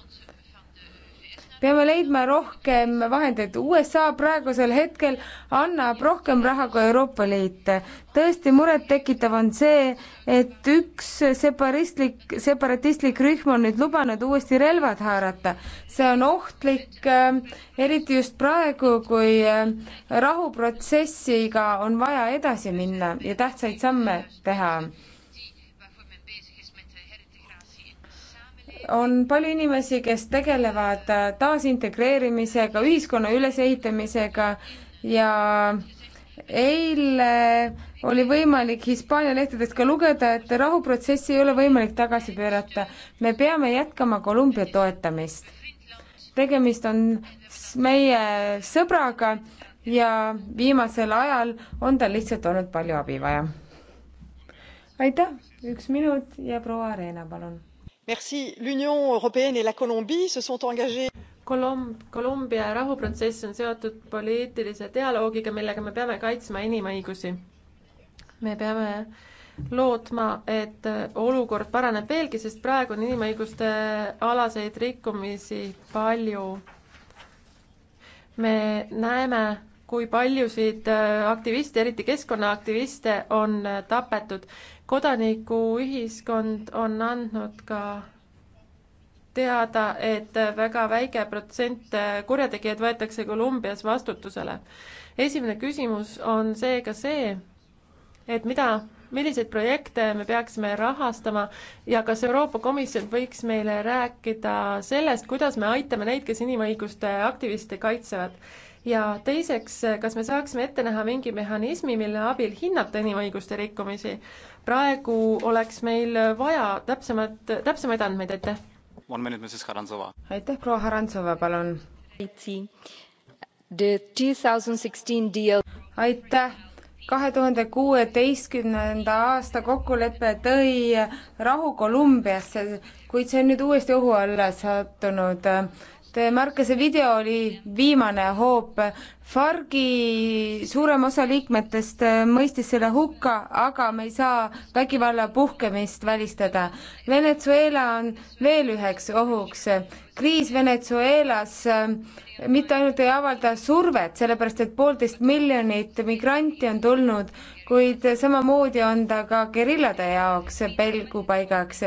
peame leidma rohkem vahendeid. USA praegusel hetkel annab rohkem raha kui Euroopa Liit. tõesti murettekitav on see, et üks separistlik, separatistlik rühm on nüüd lubanud uuesti relvad haarata. see on ohtlik, äh, eriti just praegu, kui äh, rahuprotsessiga on vaja edasi minna ja tähtsaid samme teha on palju inimesi, kes tegelevad taasintegreerimisega, ühiskonna ülesehitamisega ja eile oli võimalik Hispaania lehtedest ka lugeda, et rahuprotsessi ei ole võimalik tagasi pöörata. me peame jätkama Kolumbia toetamist. tegemist on meie sõbraga ja viimasel ajal on tal lihtsalt olnud palju abi vaja. aitäh, üks minut ja proua Reena, palun l'union européenne et la colombie se sont engagées Kolom-, Kolumbia rahuprotsess on seotud poliitilise dialoogiga, millega me peame kaitsma inimõigusi. me peame lootma, et olukord paraneb veelgi, sest praegu on inimõiguste alaseid rikkumisi palju. me näeme, kui paljusid äh, aktiviste, eriti keskkonnaaktiviste, on tapetud kodanikuühiskond on andnud ka teada, et väga väike protsent kurjategijaid võetakse Kolumbias vastutusele. esimene küsimus on seega see, et mida, milliseid projekte me peaksime rahastama ja kas Euroopa Komisjon võiks meile rääkida sellest, kuidas me aitame neid, kes inimõiguste aktiviste kaitsevad ja teiseks, kas me saaksime ette näha mingi mehhanismi, mille abil hinnata inimõiguste rikkumisi? praegu oleks meil vaja täpsemat, täpsemaid andmeid, aitäh. aitäh, proua Harantsova, palun. aitäh kahe tuhande kuueteistkümnenda aasta kokkulepe tõi rahu Kolumbiasse, kuid see on nüüd uuesti ohu alla sattunud Teie Markese video oli viimane hoop. Fargi suurem osa liikmetest mõistis selle hukka, aga me ei saa vägivalla puhkemist välistada. Venezuela on veel üheks ohuks. kriis Venezuelas ähm, mitte ainult ei avalda survet, sellepärast et poolteist miljonit migranti on tulnud, kuid samamoodi on ta ka gerillade jaoks pelgupaigaks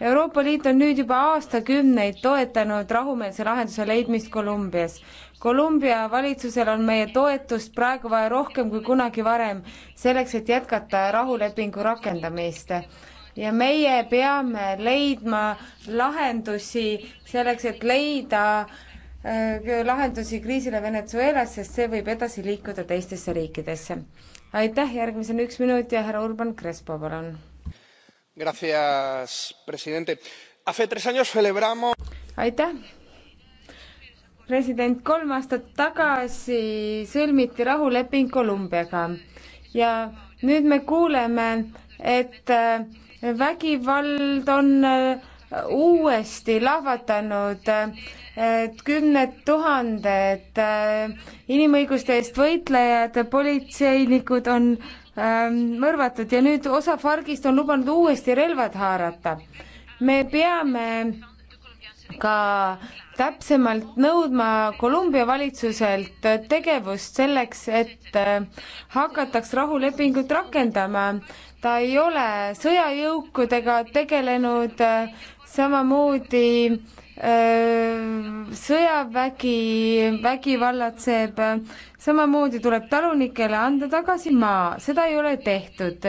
Euroopa Liit on nüüd juba aastakümneid toetanud rahumeelse lahenduse leidmist Kolumbias. Kolumbia valitsusel on meie toetust praegu vaja rohkem kui kunagi varem, selleks et jätkata rahulepingu rakendamist ja meie peame leidma lahendusi selleks, et leida äh, lahendusi kriisile Venezuelas, sest see võib edasi liikuda teistesse riikidesse. aitäh, järgmisena üks minut ja härra Urban Crespo, palun señor presidente aitäh! president kolm aastat tagasi sõlmiti rahuleping colombiaga ja nüüd me kuuleme et äh, vägivald on äh, uuesti lahvatanud äh, kümned tuhanded inimõiguste eest võitlejad politseinikud on Ähm, mõrvatud ja nüüd osa fargist on lubanud uuesti relvad haarata. me peame ka täpsemalt nõudma Kolumbia valitsuselt tegevust selleks, et äh, hakataks rahulepingut rakendama. ta ei ole sõjajõukudega tegelenud, äh, samamoodi sõjavägi vägivallatseb, samamoodi tuleb talunikele anda tagasi maa, seda ei ole tehtud.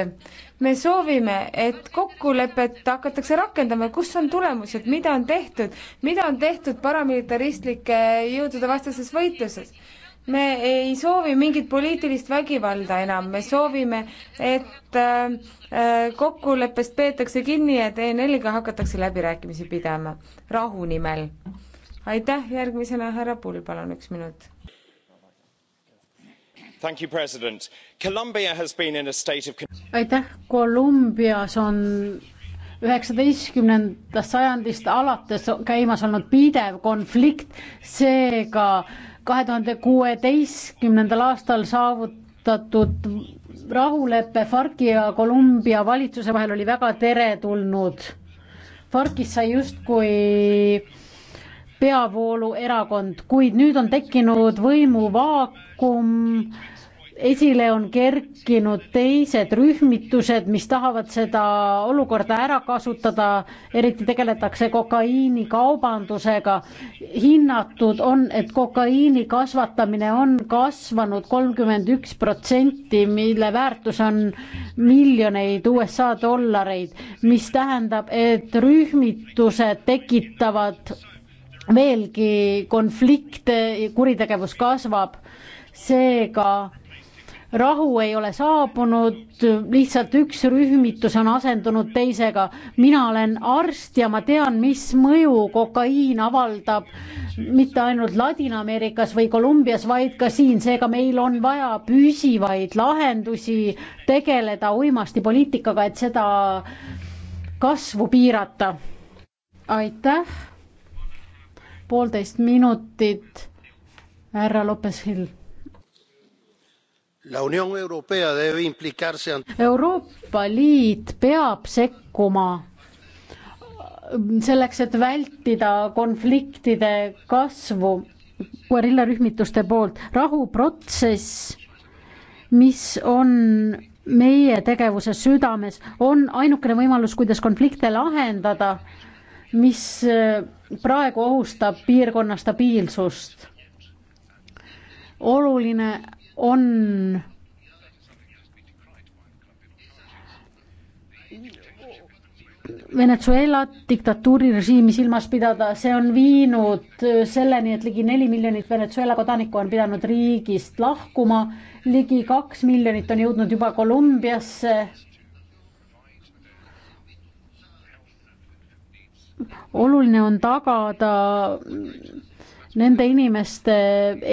me soovime, et kokkulepet hakatakse rakendama, kus on tulemused, mida on tehtud, mida on tehtud paramilitaristlike jõudude vastases võitluses me ei soovi mingit poliitilist vägivalda enam, me soovime, et äh, kokkuleppest peetakse kinni ja TNL-iga hakatakse läbirääkimisi pidama rahu nimel. aitäh, järgmisena härra Pull, palun üks minut aitäh, Kolumbias on üheksateistkümnendast sajandist alates käimas olnud pidev konflikt, seega kahe tuhande kuueteistkümnendal aastal saavutatud rahulepe Farki ja Kolumbia valitsuse vahel oli väga teretulnud. Farkis sai justkui peavooluerakond, kuid nüüd on tekkinud võimuvaakum esile on kerkinud teised rühmitused, mis tahavad seda olukorda ära kasutada, eriti tegeletakse kokaiinikaubandusega. hinnatud on, et kokaiini kasvatamine on kasvanud kolmkümmend üks protsenti, mille väärtus on miljoneid USA dollareid, mis tähendab, et rühmitused tekitavad veelgi konflikte, kuritegevus kasvab seega rahu ei ole saabunud, lihtsalt üks rühmitus on asendunud teisega. mina olen arst ja ma tean, mis mõju kokaiin avaldab mitte ainult Ladina-Ameerikas või Kolumbias, vaid ka siin, seega meil on vaja püsivaid lahendusi, tegeleda uimasti poliitikaga, et seda kasvu piirata. aitäh, poolteist minutit, härra Lopes-Hill Euroopa Liit peab sekkuma mm, selleks, et vältida konfliktide kasvu guerillarühmituste poolt. rahuprotsess, mis on meie tegevuse südames, on ainukene võimalus, kuidas konflikte lahendada, mis äh, praegu ohustab piirkonna stabiilsust. oluline on Venezuelat diktatuurirežiimi silmas pidada, see on viinud selleni, et ligi neli miljonit Venezuela kodanikku on pidanud riigist lahkuma, ligi kaks miljonit on jõudnud juba Kolumbiasse. oluline on tagada nende inimeste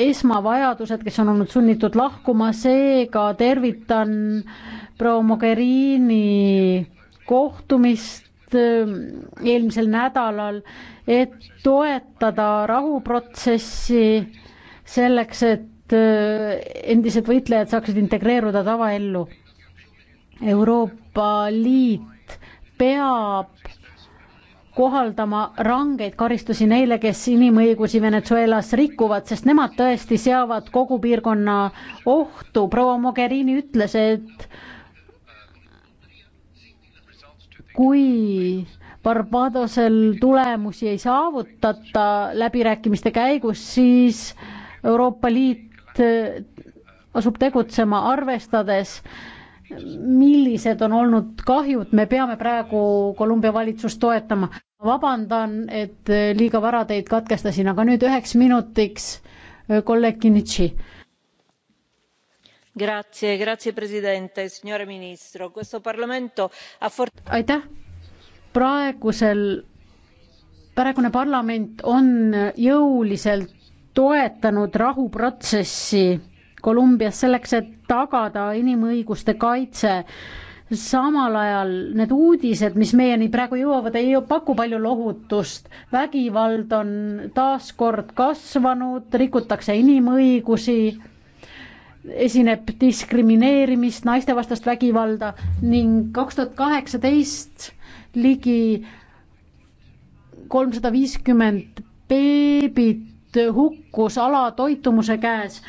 esmavajadused, kes on olnud sunnitud lahkuma, seega tervitan proua Mogherini kohtumist ähm, eelmisel nädalal, et toetada rahuprotsessi selleks, et äh, endised võitlejad saaksid integreeruda tavaellu. Euroopa Liit peab kohaldama rangeid karistusi neile, kes inimõigusi Venezuelas rikuvad, sest nemad tõesti seavad kogu piirkonna ohtu. proua Mogherini ütles, et kui Barbadosel tulemusi ei saavutata läbirääkimiste käigus, siis Euroopa Liit eh, asub tegutsema, arvestades äh, millised on olnud kahjud, me peame praegu Kolumbia valitsust toetama. vabandan, et liiga vara teid katkestasin, aga nüüd üheks minutiks eh, kolleeg Kinnitši. Grazie, grazie presidente, signore ministro, questo parlamento a fort-. aitäh, praegusel, praegune parlament on jõuliselt toetanud rahuprotsessi Kolumbias selleks, et tagada inimõiguste kaitse. samal ajal need uudised, mis meieni praegu jõuavad, ei paku palju lohutust. vägivald on taas kord kasvanud, rikutakse inimõigusi, esineb diskrimineerimist, naistevastast vägivalda ning kaks tuhat kaheksateist ligi kolmsada viiskümmend beebit hukkus alatoitumuse käes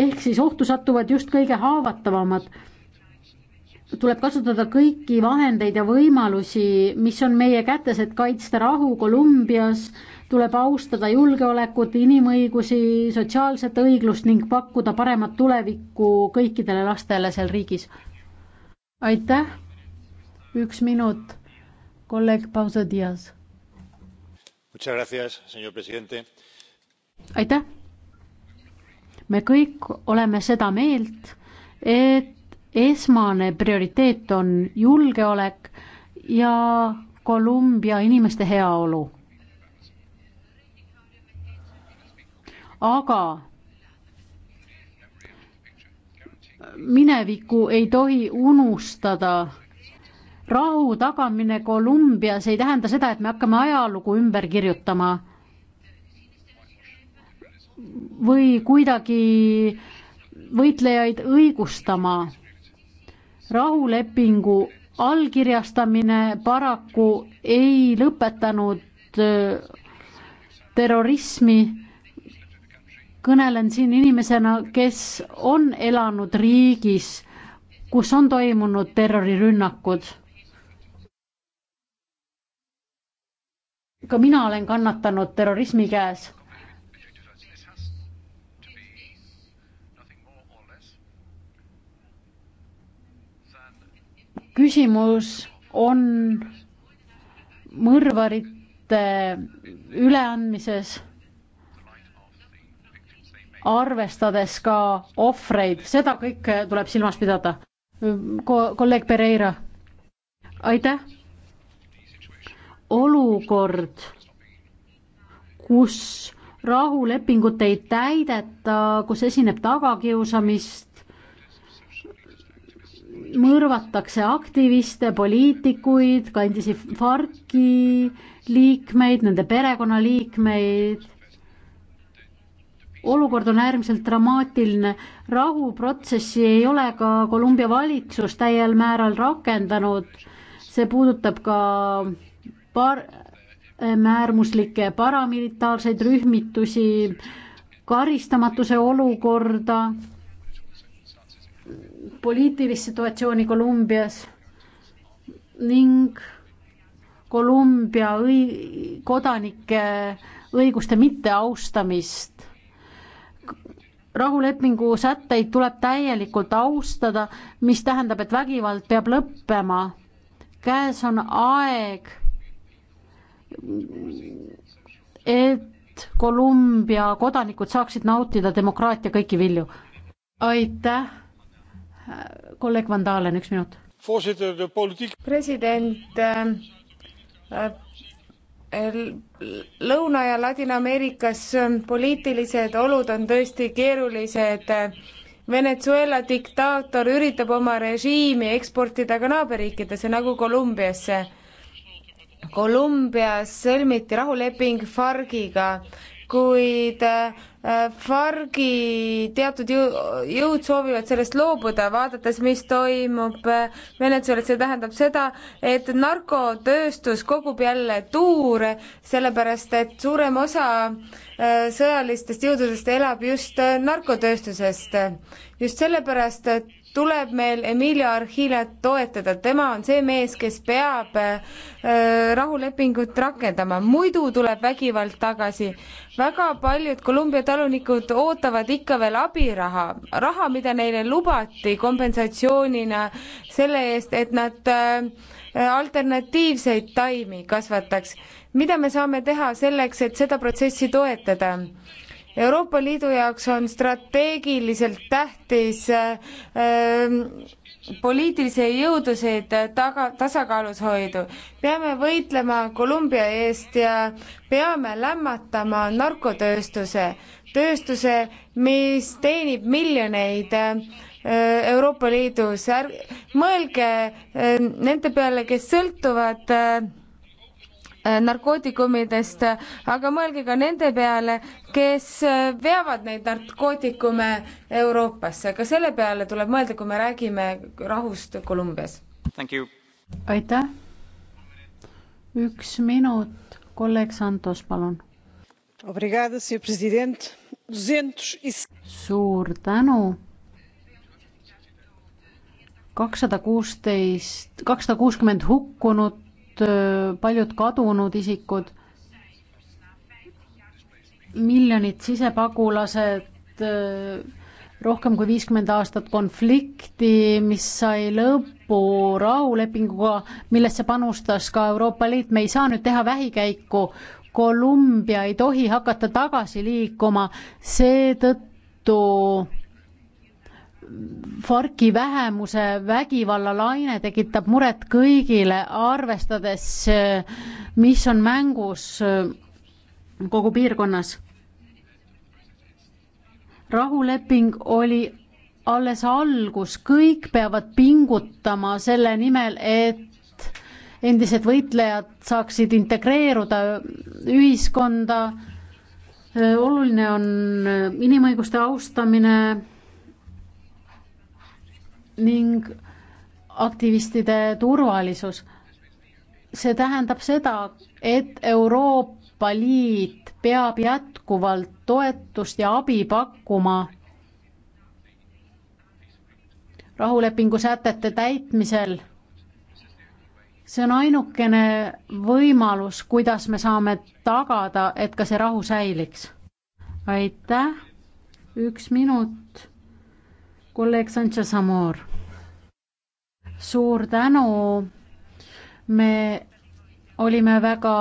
ehk siis ohtu satuvad just kõige haavatavamad. tuleb kasutada kõiki vahendeid ja võimalusi, mis on meie kätes, et kaitsta rahu Kolumbias, tuleb austada julgeolekut, inimõigusi, sotsiaalset õiglust ning pakkuda paremat tulevikku kõikidele lastele seal riigis. aitäh, üks minut, kolleeg Pausa Dias. aitäh me kõik oleme seda meelt, et esmane prioriteet on julgeolek ja Kolumbia inimeste heaolu. aga minevikku ei tohi unustada. rahu tagamine Kolumbias ei tähenda seda, et me hakkame ajalugu ümber kirjutama või kuidagi võitlejaid õigustama. rahulepingu allkirjastamine paraku ei lõpetanud äh, terrorismi. kõnelen siin inimesena, kes on elanud riigis, kus on toimunud terrorirünnakud. ka mina olen kannatanud terrorismi käes küsimus on mõrvarite üleandmises, arvestades ka ohvreid, seda kõike tuleb silmas pidada Ko. kolleeg Pereira, aitäh. olukord, kus rahulepingut ei täideta, kus esineb tagakiusamist, mõrvatakse aktiviste, poliitikuid, ka endisi FARC-i liikmeid, nende perekonnaliikmeid. olukord on äärmiselt dramaatiline, rahuprotsessi ei ole ka Kolumbia valitsus täiel määral rakendanud, see puudutab ka par-, äärmuslikke paramilitaarseid rühmitusi, karistamatuse olukorda poliitilist situatsiooni Kolumbias ning Kolumbia õi-, kodanike õiguste mitteaustamist. rahulepingu sätteid tuleb täielikult austada, mis tähendab, et vägivald peab lõppema. käes on aeg, et Kolumbia kodanikud saaksid nautida demokraatia kõiki vilju. aitäh kolleeg Van Dalen, üks minut. president äh, äh, Lõuna- ja Ladina-Ameerikas äh, poliitilised olud on tõesti keerulised. Venezuela diktaator üritab oma režiimi eksportida ka naaberriikidesse nagu Kolumbiasse. Kolumbias sõlmiti rahuleping FARC-iga kuid äh, Fargi teatud jõud soovivad sellest loobuda, vaadates, mis toimub äh, Venezuelas, see tähendab seda, et narkotööstus kogub jälle tuure, sellepärast et suurem osa äh, sõjalistest jõududest elab just narkotööstusest. just sellepärast, et tuleb meil Emilio Archilat toetada, tema on see mees, kes peab äh, rahulepingut rakendama, muidu tuleb vägivald tagasi. väga paljud Kolumbia talunikud ootavad ikka veel abiraha, raha, mida neile lubati kompensatsioonina selle eest, et nad äh, alternatiivseid taimi kasvataks. mida me saame teha selleks, et seda protsessi toetada? Euroopa Liidu jaoks on strateegiliselt tähtis äh, poliitilisi jõudusid taga, tasakaalus hoidu. peame võitlema Kolumbia eest ja peame lämmatama narkotööstuse, tööstuse, mis teenib miljoneid äh, Euroopa Liidus. mõelge äh, nende peale, kes sõltuvad äh, Äh, narkootikumidest, aga mõelge ka nende peale, kes äh, veavad neid narkootikume Euroopasse, ka selle peale tuleb mõelda, kui me räägime rahust Kolumbias. aitäh. üks minut, kolleeg Santos, palun. E suur tänu kakssada kuusteist, kakssada kuuskümmend hukkunut, paljud kadunud isikud, miljonid sisepagulased, rohkem kui viiskümmend aastat konflikti, mis sai lõpu rahulepinguga, millesse panustas ka Euroopa Liit, me ei saa nüüd teha vähikäiku. Kolumbia ei tohi hakata tagasi liikuma, seetõttu FARC-i vähemuse vägivallalaine tekitab muret kõigile, arvestades, mis on mängus kogu piirkonnas. rahuleping oli alles algus, kõik peavad pingutama selle nimel, et endised võitlejad saaksid integreeruda ühiskonda. oluline on inimõiguste austamine ning aktivistide turvalisus. see tähendab seda, et Euroopa Liit peab jätkuvalt toetust ja abi pakkuma rahulepingu sätete täitmisel. see on ainukene võimalus, kuidas me saame tagada, et ka see rahu säiliks. aitäh, üks minut, kolleeg Sanchez Amor suur tänu. me olime väga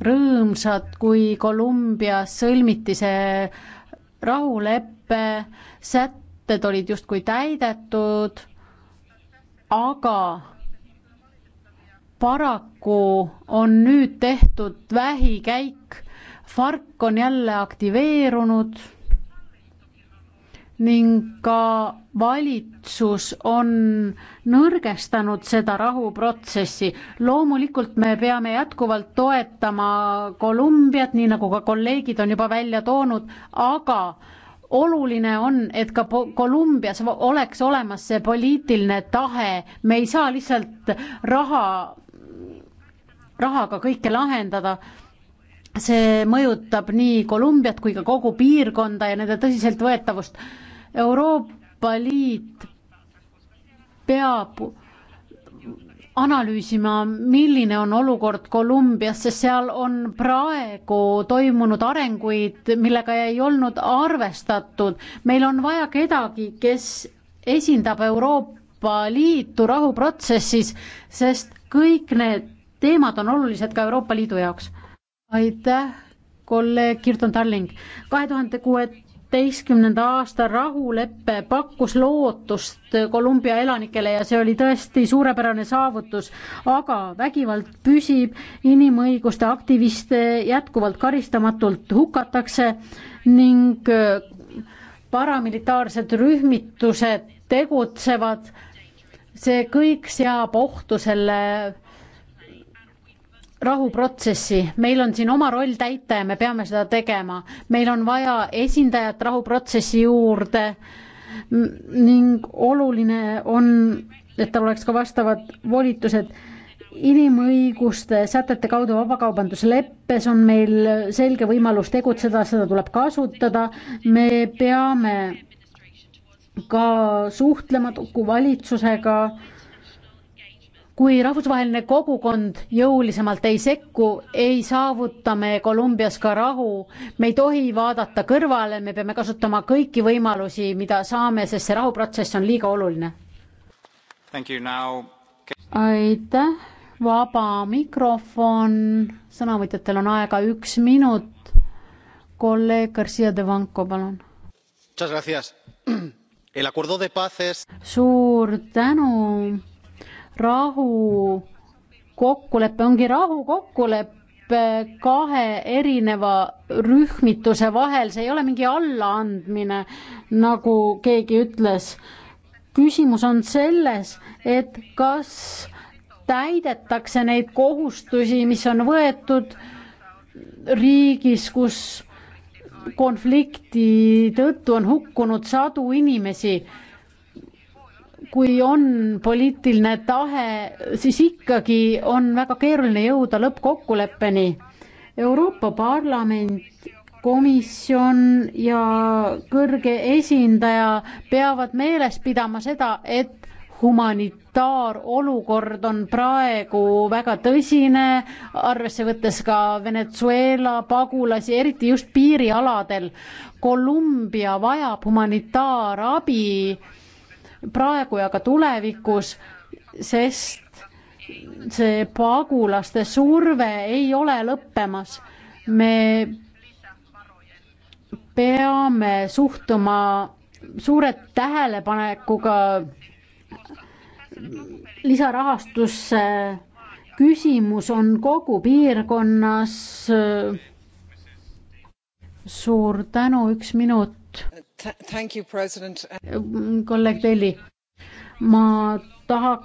rõõmsad, kui Kolumbias sõlmiti see rahuleppe, sätted olid justkui täidetud, aga paraku on nüüd tehtud vähikäik, FARC on jälle aktiveerunud ning ka valitsus on nõrgestanud seda rahuprotsessi. loomulikult me peame jätkuvalt toetama Kolumbiat, nii nagu ka kolleegid on juba välja toonud, aga oluline on, et ka Kolumbias oleks olemas see poliitiline tahe, me ei saa lihtsalt raha, rahaga kõike lahendada see mõjutab nii Kolumbiat kui ka kogu piirkonda ja nende tõsiseltvõetavust Euroopa Liit peab analüüsima, milline on olukord Kolumbias, sest seal on praegu toimunud arenguid, millega ei olnud arvestatud. meil on vaja kedagi, kes esindab Euroopa Liitu rahuprotsessis, sest kõik need teemad on olulised ka Euroopa Liidu jaoks. aitäh, kolleeg Kirton Talling. kahe tuhande kuue kaheteistkümnenda aasta rahulepe pakkus lootust Kolumbia elanikele ja see oli tõesti suurepärane saavutus, aga vägivald püsib, inimõiguste aktiviste jätkuvalt karistamatult hukatakse ning äh, paramilitaarsed rühmitused tegutsevad. see kõik seab ohtu selle rahuprotsessi, meil on siin oma roll täita ja me peame seda tegema. meil on vaja esindajat rahuprotsessi juurde ning oluline on, et tal oleks ka vastavad volitused inimõiguste sätete kaudu vabakaubandusleppes on meil selge võimalus tegutseda, seda tuleb kasutada, me peame ka suhtlema valitsusega kui rahvusvaheline kogukond jõulisemalt ei sekku, ei saavuta me Kolumbias ka rahu. me ei tohi vaadata kõrvale, me peame kasutama kõiki võimalusi, mida saame, sest see rahuprotsess on liiga oluline. Now... aitäh, vaba mikrofon, sõnavõtjatel on aega üks minut. kolleeg Garcia de Vanco, palun. suur tänu rahu kokkulepe ongi rahukokkulepe kahe erineva rühmituse vahel, see ei ole mingi allaandmine, nagu keegi ütles. küsimus on selles, et kas täidetakse neid kohustusi, mis on võetud riigis, kus konflikti tõttu on hukkunud sadu inimesi kui on poliitiline tahe, siis ikkagi on väga keeruline jõuda lõppkokkuleppeni. Euroopa Parlament, komisjon ja kõrge esindaja peavad meeles pidama seda, et humanitaarolukord on praegu väga tõsine, arvesse võttes ka Venezuela pagulasi, eriti just piirialadel. Kolumbia vajab humanitaarabi praegu ja ka tulevikus, sest see pagulaste surve ei ole lõppemas. me peame suhtuma suure tähelepanekuga lisarahastusse. küsimus on kogu piirkonnas. suur tänu, üks minut kolleeg Telli, ma tahaks